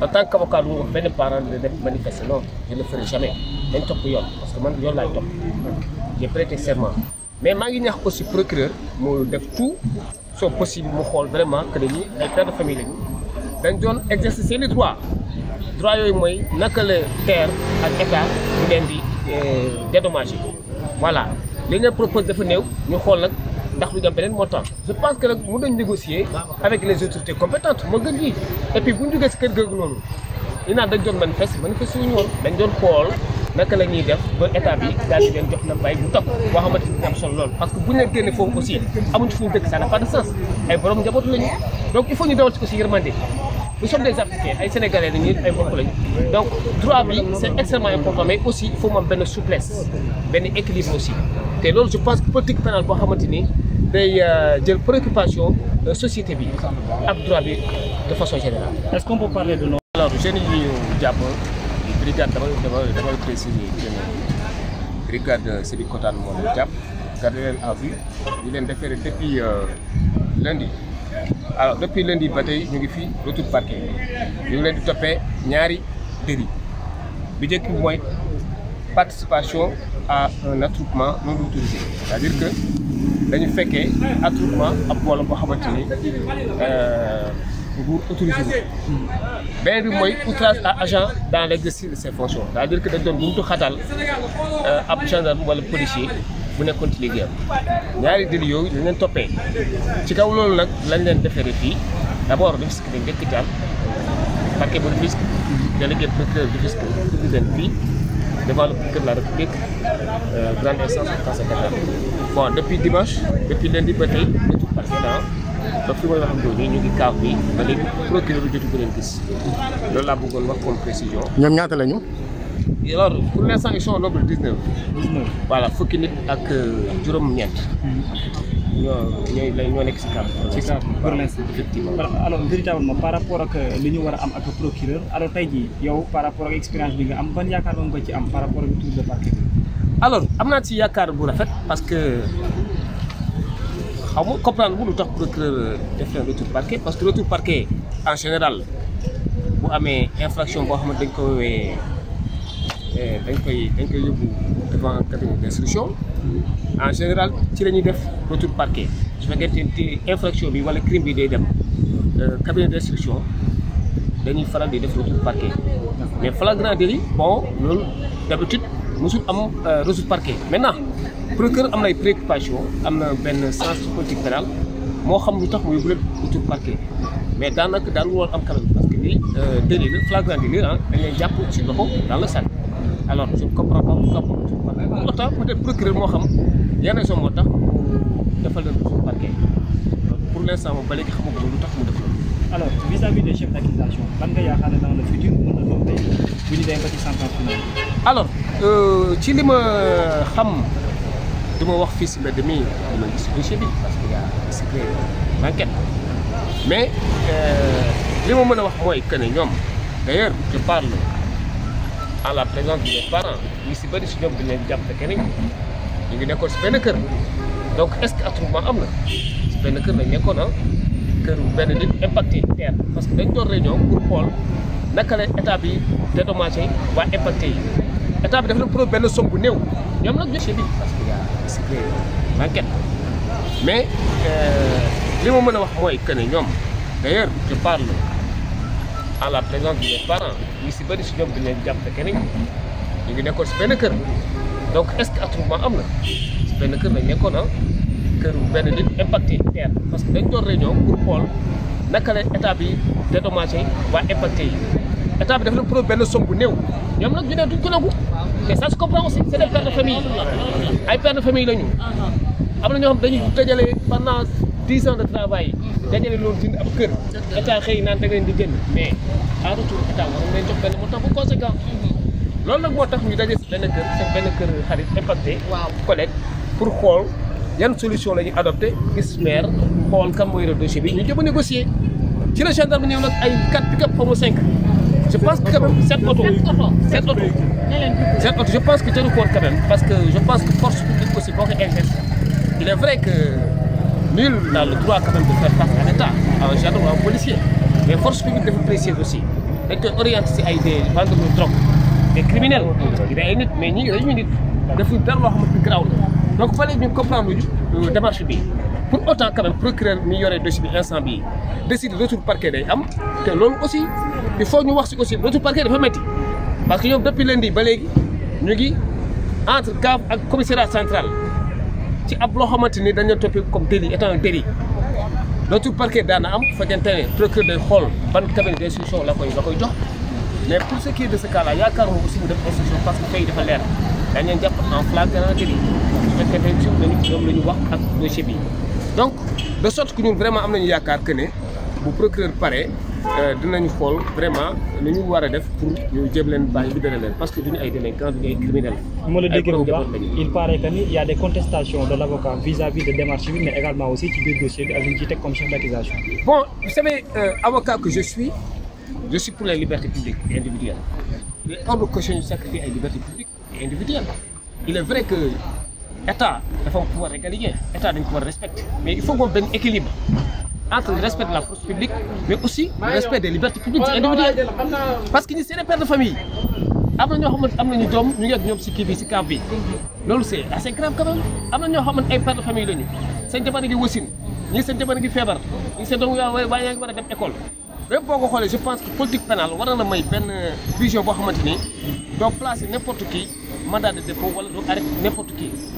en tant qu'avocat lu wax benn parent de def manifester non je ne le ferai jamais dañ topp yoon parce que man yoon laay topp j'ai prêté serment mais maa ngi ñaax aussi procureur mu def tout son possible mu xool vraiment que dañuy ay père de famille lañu dañ doon exercer seeni droit droit yooyu mooy naka la terre ak état ñu leen di eh, dédommager voilà li nga propose dafa néew ñu xool nag ndax du dem beneen montant je pense que nag mën nañ négocier avec les autorités compétentes moo gën ji et bu ñu si kër googu noonu li naan dañ doon manifeste manifeste wu dañ doon xool naka la def ba état bi daal di leen jox na mbay bu topp boo xamante ni am solo lool parce que bu ñu leen génnee foofu aussi amuñu fu ñu dëkk ay borom njaboot ay Sénégalais lañu donc droit bi c'est extrêmement important mais aussi il faut benn souplesse ni day euh, jël préoccupation euh, société bi ak droit bi de façon générale. est-ce qu'on peut parler de nos. alors jeunes yi ñu jàpp brigade dafay dafay dafay brigade euh, Sébikotane moo leen jàpp garder leen à ñu leen déféré depuis lundi alors depuis lundi ba tey ñu ngi fi retour parquet ñu leen di toppee ñaari délit bi njëkk mooy participation à un attroupement non autorisé cest à que. dañu fekkee attroupement ab mbooloo boo xamante ni euh, nguur autorisé wu. bi mooy outrage à agent dans l' exercice de ses fonctions c'est-à-dire que dañ doon buntu xatal euh, ab gendarme wala policier bu nekkoon ci liggéeyam ñaari délits yooyu dañ leen toppee ci kaw loolu nag lañ leen defere fii d' abord Rufisque dañ dëkk taal parquet bu Rufisque délégué procureur Rufisque indi leen fii. devant le procureur de la République, euh, grande instance en tant que Bon, depuis dimanche, depuis lundi ba tey dañu passé naa bi leen gis loolu laa bëggoon wax comme précision. ñoom ñaata lañu. alors pour l'instant ils voilà fukki nit ak euh, juróom-ñeent. Hmm. ñoo ñooy ñoo nekk si camp. ci camp pour par rapport ak euh, li ñu war am ak procureur tey jii yow par rapport ak bi nga am ban yaakaar moom nga ci am par alors am naa ci yaakaar bu rafet parce que xaw ma comprendre bu lu tax euh, def na retour parce que retour parquet en général bu amee infraction boo xamante dañ ko euh, dañ koy dañ koy yóbbu en général ci lañuy def retour parquet su fekkee infraction bi wala crime bi day dem euh, cabinet d'instruction dañuy faral di def retour parquet mais flagrant délit bon loolu d'habitude mosul am euh, retour parquet maintenant procureur am na ay préoccupation am na benn sens politique pénale moo xam lu tax mu yóbbu leen retour parquet mais daanaka daal woon am kanam parce que lii euh, délit la flagrant délit ah dañ jàpp ci loxo dans le sac alors je ne comprends moo tax peut-être procureur moo xam yan raison moo tax defal leen ko suñu parquet pour l'instant moom ba léegi xamaguma lu tax mu def loolu. alors vis-à-vis des chefs d'accusation lan nga yaakaar ne dans le futur mën na ci sentence finale euh, li ma xam du wax fii si mbedd mi du gis dossier bi parce que y a secret d'enquête mais euh, li ma mën a wax mooy que ne ñoom d'ailleurs je parle. à la présence de mes parents ñu si bëri si ñoom bi leen jàpp te keneen ñu ngi nekkoon si benn kër donc est ce que attroupement am na si benn kër lañ nekkoon ah kër benn nit impacté terre parce que dañ doon réunion pour xool naka la état bi dédommagé waa impacte yi état bi dafa la pro benn somme bu néew ñoom nag joxe bi parce que yaa si l'enquête mais euh, li ma mën a wax mooy que ñoom d' ailleurs je à la présence des parents ñu si bëri si ñoom dañ leen jàpp keneen ñu ngi nekkoon si benn kër donc est ce que attroupement am na si benn kër lañ nekkoon ah kër benn nit impacté terre parce que dañ doon réunion pour xool naka la état bi dédommagé waa impacté yi état bi dafa la pro benn somme bu néew ñoom nag ñu ne duñ ko nangu te ça si comprend aussi c' est des famille ay pères famille la am na ñoo xam dañuy dajale pendant dix ans de travail yi mm. dajale loolu ab kër état xëy naan da di jënd mais en retour état war na jox benn mu bu conséquent mm-hmm. loolu nag moo tax ñu daje si benn kër seen benn xarit impacté waaw pour xool yan solution la ñu adopté gis maire xool kan mooy dossier bi ñu jëm a négocier ci la gendarme ñëw nag ay quatre pick-up cinq je pense que quand même sept auto sept auto sept je pense que parce que je pense que force il est vrai que nul n'a le droit quand même de faire face à l'État, à un gendarme, à un policier. Les forces si ay des vendeurs de drogue ay nit mais ñi dañuy nit defuñ dara loo xamante ni garaaw la donc fallait ñu comprendre lu euh, démarche bi pour autant quand même procureur de yore dossier bi instant bii décide day am te loolu aussi il faut ñu wax si aussi retour parquet dafa métti parce que ñoom depuis ba léegi ñu ngi entre CAF ak commissariat central ci ab loo xamante ni dañu toppee comme délit étant un délit dootul parquet daana am fekkente ne procureur day xool ban cabinet d'instruction la koy la koy jox mais pour ce qui est de ce cas là yaakaaruma aussi mu def instruction parce dafa leer dañ jàpp en flagrant délit su fekkee dañu ñoom la ñu wax ak dossier bi donc de sorte que ñun vraiment am nañu yaakaar que ne. bu procureur pare euh, dinañ xool vraiment li ñu war a def pour ñu jëm leen bàyyi libéré leen parce que duñu ay délinquants duñu ay criminels. bu ma la déggee bu il paraît que ni y a des contestations de l' vis-à-vis de démarche mais également aussi ci biir dossier bi ak d' euh, que je suis je suis pour les libertés publiques et individuelles il est vrai que. état dafa am pouvoir régalien état dañ ko war a respecter mais il faut que benn équilibre entre le respect de la force publique, mais aussi le respect des libertés publiques individuelles. Parce que c'est des pères de famille. am na ñoo xamante am nañu doom ñu ngi ñoom si kii bi si kaab bi loolu c'est assez grave quand même am na ñoo xamante ay père de famille lañu seen jabar ngi wasin ñii seen jabar ngi feebar ñii seen doom yaa waaye yaa ngi war a école mais boo ko xoolee je pense que politique war na may benn vision boo xamante ni doo placer n'importe qui mandat de